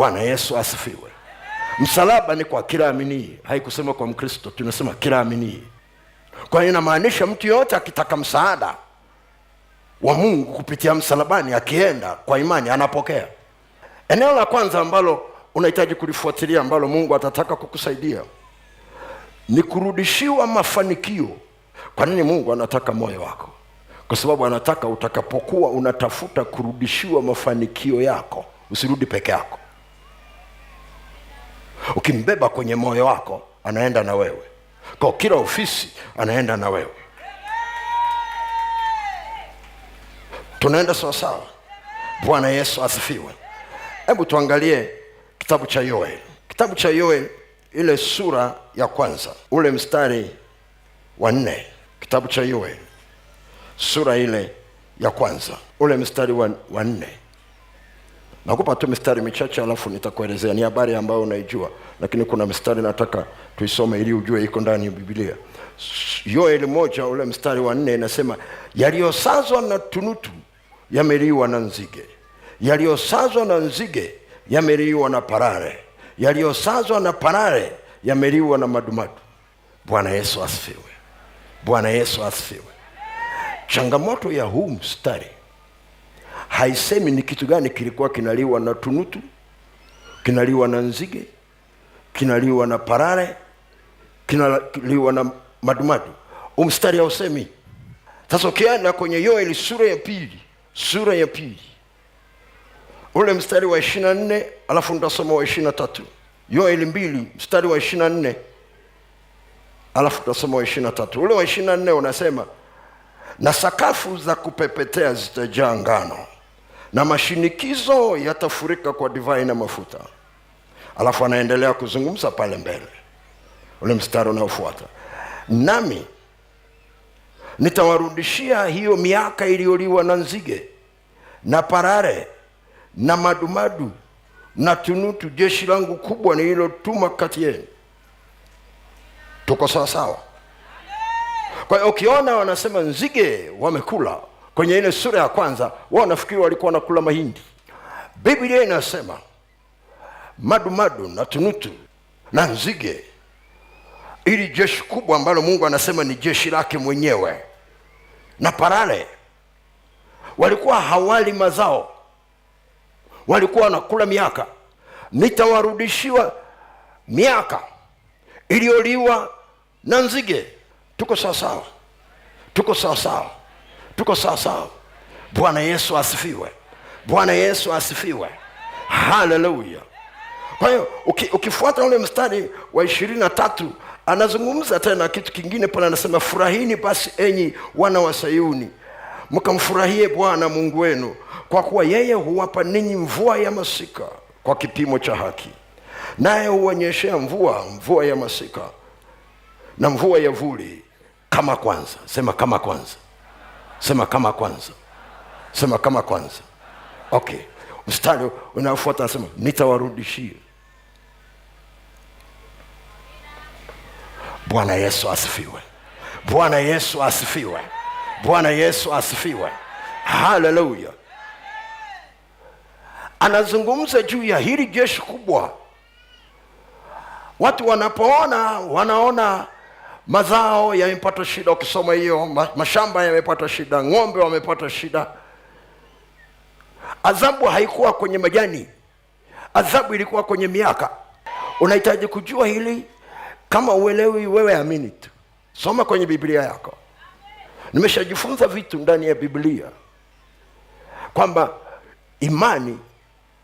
Bwana Yesu asifiwe. Msalaba ni kwa kila aminii, haikusema kwa Mkristo, tunasema kila amini Kwa hiyo inamaanisha mtu yoyote akitaka msaada wa Mungu kupitia msalabani, akienda kwa imani anapokea. Eneo la kwanza ambalo unahitaji kulifuatilia ambalo Mungu atataka kukusaidia ni kurudishiwa mafanikio. Kwa nini Mungu anataka moyo wako? Kwa sababu anataka utakapokuwa unatafuta kurudishiwa mafanikio yako, usirudi peke yako. Ukimbeba kwenye moyo wako, anaenda na wewe kwa kila ofisi, anaenda na wewe. Tunaenda sawasawa. Bwana Yesu asifiwe. Hebu tuangalie kitabu cha yoe kitabu cha yoe ile sura ya kwanza ule mstari wa nne. Kitabu cha yoe sura ile ya kwanza ule mstari wa nne. Nakupa tu mistari michache alafu nitakuelezea. Ni habari ambayo unaijua, lakini kuna mistari nataka tuisome ili ujue iko ndani ya Biblia. Yoeli moja ule mstari wa nne inasema yaliyosazwa na tunutu yameliwa na nzige, yaliyosazwa na nzige yameliwa na parare, yaliyosazwa na parare yameliwa na madumadu. Bwana Yesu asifiwe! Bwana Yesu asifiwe! Changamoto ya huu mstari haisemi ni kitu gani kilikuwa kinaliwa na tunutu, kinaliwa na nzige, kinaliwa na parare, kinaliwa na madumadu. Umstari hausemi. Sasa ukienda kwenye Yoeli sura ya pili, sura ya pili ule mstari wa ishirini na nne alafu ntasoma wa ishirini na tatu Yoeli mbili mstari wa ishirini na nne alafu tutasoma wa ishirini na tatu Ule wa ishirini na nne unasema na sakafu za kupepetea zitajaa ngano na mashinikizo yatafurika kwa divai na mafuta. Alafu anaendelea kuzungumza pale mbele, ule mstari unaofuata, nami nitawarudishia hiyo miaka iliyoliwa na nzige na parare na madumadu na tunutu, jeshi langu kubwa nililotuma kati yenu. Tuko sawasawa? Kwa hiyo ukiona wanasema nzige wamekula kwenye ile sura ya kwanza, wao nafikiri walikuwa wanakula mahindi. Biblia inasema madumadu na tunutu na nzige, ili jeshi kubwa ambalo Mungu anasema ni jeshi lake mwenyewe na parale, walikuwa hawali mazao, walikuwa wanakula miaka. Nitawarudishiwa miaka iliyoliwa na nzige. Tuko sawasawa, tuko sawasawa tuko sawasawa. Bwana Yesu asifiwe, Bwana Yesu asifiwe, haleluya. Kwa hiyo uki, ukifuata ule mstari wa ishirini na tatu anazungumza tena kitu kingine pale, anasema furahini basi enyi wana wa Sayuni, mkamfurahie Bwana Mungu wenu, kwa kuwa yeye huwapa ninyi mvua ya masika kwa kipimo cha haki, naye huonyeshea mvua mvua ya masika na mvua ya vuli kama kwanza. Sema kama kwanza. Sema kama kwanza, sema kama kwanza. Okay, mstari unaofuata nasema nitawarudishia. Bwana Yesu asifiwe! Bwana Yesu asifiwe! Bwana Yesu asifiwe! Haleluya! Anazungumza juu ya hili jeshi kubwa. Watu wanapoona wanaona mazao yamepata shida. Ukisoma hiyo mashamba yamepata shida, ng'ombe wamepata shida. Adhabu haikuwa kwenye majani, adhabu ilikuwa kwenye miaka. Unahitaji kujua hili. Kama uelewi wewe, amini tu, soma kwenye Biblia yako. Nimeshajifunza vitu ndani ya Biblia kwamba imani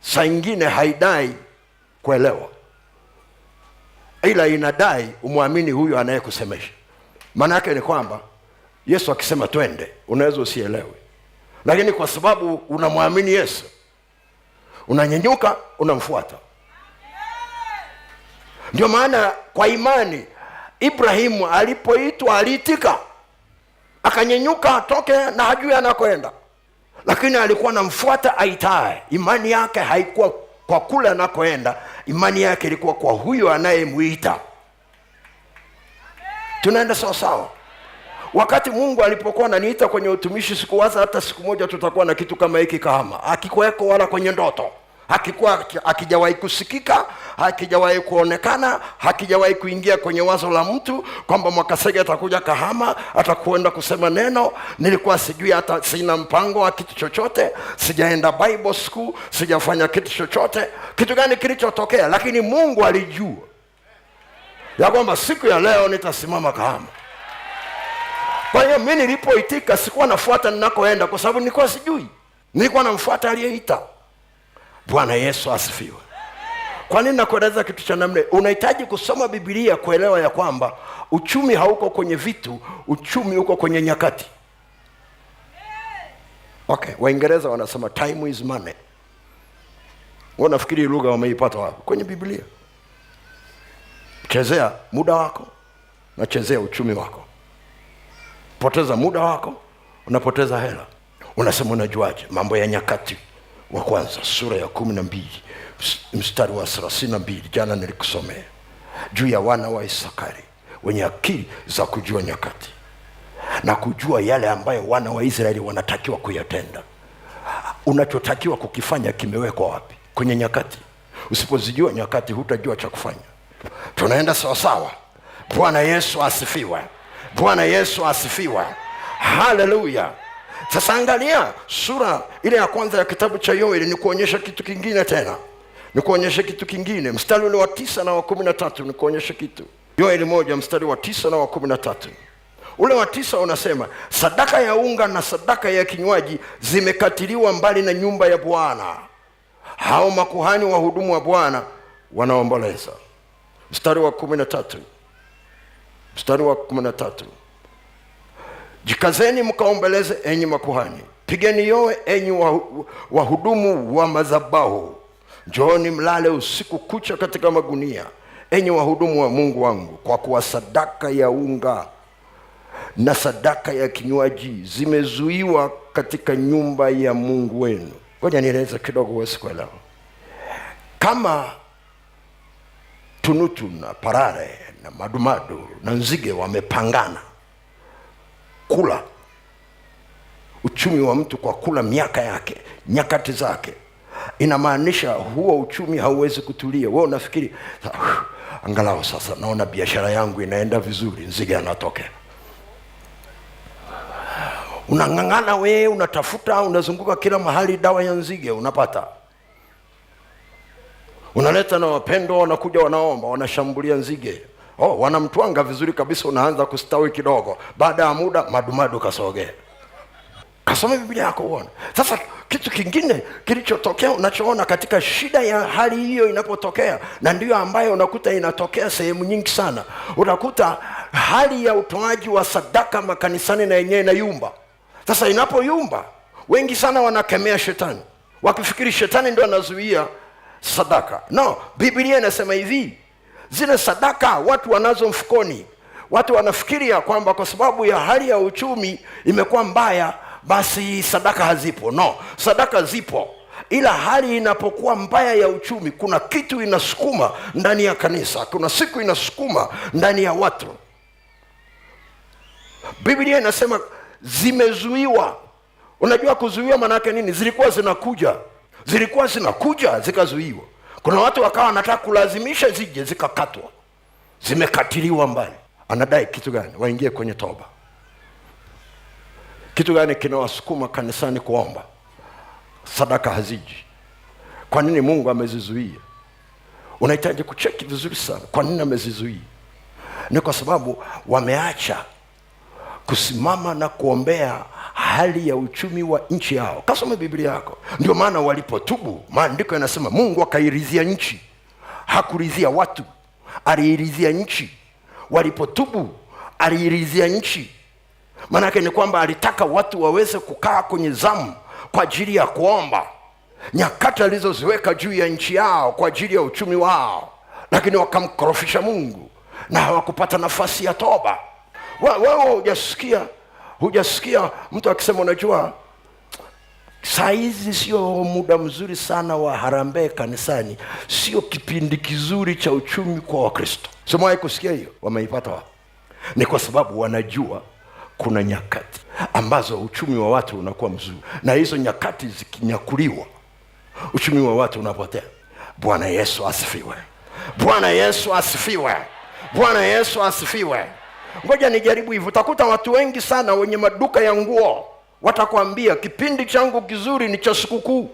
saa ingine haidai kuelewa ila inadai umwamini huyu anayekusemesha. Maana yake ni kwamba Yesu akisema twende, unaweza usielewe, lakini kwa sababu unamwamini Yesu unanyenyuka, unamfuata. Ndio maana kwa imani Ibrahimu alipoitwa aliitika, akanyenyuka atoke na hajui anakoenda, lakini alikuwa anamfuata aitaye. Imani yake haikuwa kwa kule anakoenda, imani yake ilikuwa kwa huyo anayemwita. Tunaenda sawa sawa. Wakati Mungu alipokuwa ananiita kwenye utumishi, sikuwaza hata siku moja tutakuwa na kitu kama hiki Kahama, akikuweko wala kwenye ndoto hakikuwa hakijawahi kusikika, hakijawahi kuonekana, hakijawahi kuingia kwenye wazo la mtu kwamba Mwakasege atakuja Kahama, atakuenda kusema neno. Nilikuwa sijui hata, sina mpango wa kitu chochote, sijaenda Bible school, sijafanya kitu chochote. Kitu gani kilichotokea? Lakini Mungu alijua ya kwamba siku ya leo nitasimama Kahama. Kwa hiyo mi nilipoitika, sikuwa nafuata ninakoenda, kwa sababu nilikuwa sijui, nilikuwa namfuata aliyeita. Bwana Yesu asifiwe. Kwa nini nakueleza kitu cha namna? Unahitaji kusoma Biblia kuelewa ya kwamba uchumi hauko kwenye vitu, uchumi uko kwenye nyakati. Okay, Waingereza wanasema time is money. Wao nafikiri lugha wameipata wapi? Kwenye Biblia. Chezea muda wako na chezea uchumi wako. Poteza muda wako, unapoteza hela. Unasema unajuaje? Mambo ya nyakati wa kwanza sura ya kumi na mbili mstari wa thelathini na mbili jana nilikusomea juu ya wana wa Isakari wenye akili za kujua nyakati na kujua yale ambayo wana wa Israeli wanatakiwa kuyatenda. Unachotakiwa kukifanya kimewekwa wapi? Kwenye nyakati. Usipozijua nyakati, hutajua cha kufanya. Tunaenda sawasawa. Bwana Yesu asifiwe! Bwana Yesu asifiwe! Haleluya! Sasa angalia sura ile ya kwanza ya kitabu cha Yoeli, ni kuonyesha kitu kingine tena, ni kuonyesha kitu kingine. Mstari ule wa tisa na wa kumi na tatu ni kuonyesha kitu. Yoeli moja mstari wa tisa na wa kumi na tatu ule wa tisa unasema, sadaka ya unga na sadaka ya kinywaji zimekatiliwa mbali na nyumba ya Bwana, hao makuhani wahudumu wa Bwana wanaomboleza. Mstari wa kumi na tatu mstari wa kumi na tatu Jikazeni mkaombeleze, enyi makuhani; pigeni yowe, enyi wahudumu wa madhabahu. Njooni mlale usiku kucha katika magunia, enyi wahudumu wa Mungu wangu, kwa kuwa sadaka ya unga na sadaka ya kinywaji zimezuiwa katika nyumba ya Mungu wenu. Ngoja nieleze kidogo, huwezi kuelewa. Kama tunutu na parare na madumadu na nzige wamepangana kula uchumi wa mtu kwa kula miaka yake nyakati zake inamaanisha huo uchumi hauwezi kutulia wewe unafikiri ah, angalau sasa naona biashara yangu inaenda vizuri nzige anatokea unang'ang'ana wee unatafuta unazunguka kila mahali dawa ya nzige unapata unaleta na wapendwa wanakuja wanaomba wanashambulia nzige oh, wanamtwanga vizuri kabisa, unaanza kustawi kidogo, baada ya muda madumadu kasogea. Kasome Biblia yako uone. Sasa kitu kingine kilichotokea unachoona katika shida ya hali hiyo inapotokea, na ndiyo ambayo unakuta inatokea sehemu nyingi sana, unakuta hali ya utoaji wa sadaka makanisani na yenyewe inayumba. Sasa inapoyumba, wengi sana wanakemea shetani wakifikiri shetani ndio anazuia sadaka. No, Biblia inasema hivi zile sadaka watu wanazo mfukoni. Watu wanafikiria kwamba kwa sababu ya hali ya uchumi imekuwa mbaya, basi sadaka hazipo. No, sadaka zipo, ila hali inapokuwa mbaya ya uchumi, kuna kitu inasukuma ndani ya kanisa, kuna siku inasukuma ndani ya watu. Biblia inasema zimezuiwa. Unajua kuzuiwa maanaake nini? Zilikuwa zinakuja, zilikuwa zinakuja, zikazuiwa. Kuna watu wakawa wanataka kulazimisha zije, zikakatwa, zimekatiliwa mbali. Anadai kitu gani? Waingie kwenye toba. Kitu gani kinawasukuma kanisani kuomba? Sadaka haziji. Kwa nini? Mungu amezizuia. Unahitaji kucheki vizuri sana, kwa nini amezizuia? Ni kwa sababu wameacha kusimama na kuombea hali ya uchumi wa nchi yao. Kasome Biblia yako. Ndio maana walipotubu, maandiko yanasema Mungu akairidhia nchi, hakuridhia watu, aliirizia nchi. Walipotubu aliiridhia nchi, maanake ni kwamba alitaka watu waweze kukaa kwenye zamu kwa ajili ya kuomba nyakati alizoziweka juu ya nchi yao kwa ajili ya uchumi wao, lakini wakamkorofisha Mungu na hawakupata nafasi ya toba. Wewe hujasikia Hujasikia mtu akisema unajua, saa hizi sio muda mzuri sana wa harambee kanisani, sio kipindi kizuri cha uchumi kwa Wakristo. Simewahi kusikia hiyo? Wameipata wa Ni kwa sababu wanajua kuna nyakati ambazo uchumi wa watu unakuwa mzuri, na hizo nyakati zikinyakuliwa, uchumi wa watu unapotea. Bwana Yesu asifiwe! Bwana Yesu asifiwe! Bwana Yesu asifiwe! ngoja nijaribu hivyo. Utakuta watu wengi sana wenye maduka ya nguo watakwambia kipindi changu kizuri ni cha sikukuu.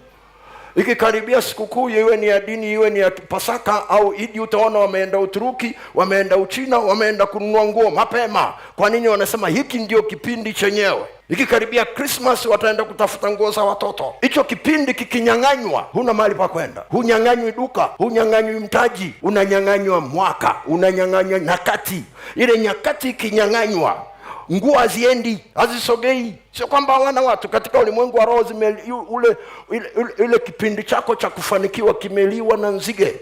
Ikikaribia sikukuu, iwe ni ya dini, iwe ni ya Pasaka au Idi, utaona wameenda Uturuki, wameenda Uchina, wameenda kununua nguo mapema. Kwa nini? Wanasema hiki ndio kipindi chenyewe. Ikikaribia Krismas wataenda kutafuta nguo za watoto. Hicho kipindi kikinyang'anywa, huna mahali pa kwenda, hunyang'anywi duka, hunyang'anywi mtaji, unanyang'anywa mwaka, unanyang'anywa nyakati. Ile nyakati ikinyang'anywa, nguo haziendi, hazisogei. Sio kwamba wana watu katika ulimwengu wa roho, zime ule, ule, ule, ule kipindi chako cha kufanikiwa kimeliwa na nzige.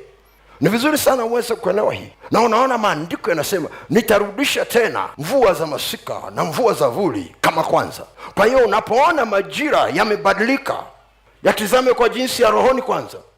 Ni vizuri sana uweze kuelewa hii, na unaona maandiko yanasema nitarudisha tena mvua za masika na mvua za vuli kama kwanza. Kwa hiyo unapoona majira yamebadilika, yatizame kwa jinsi ya rohoni kwanza.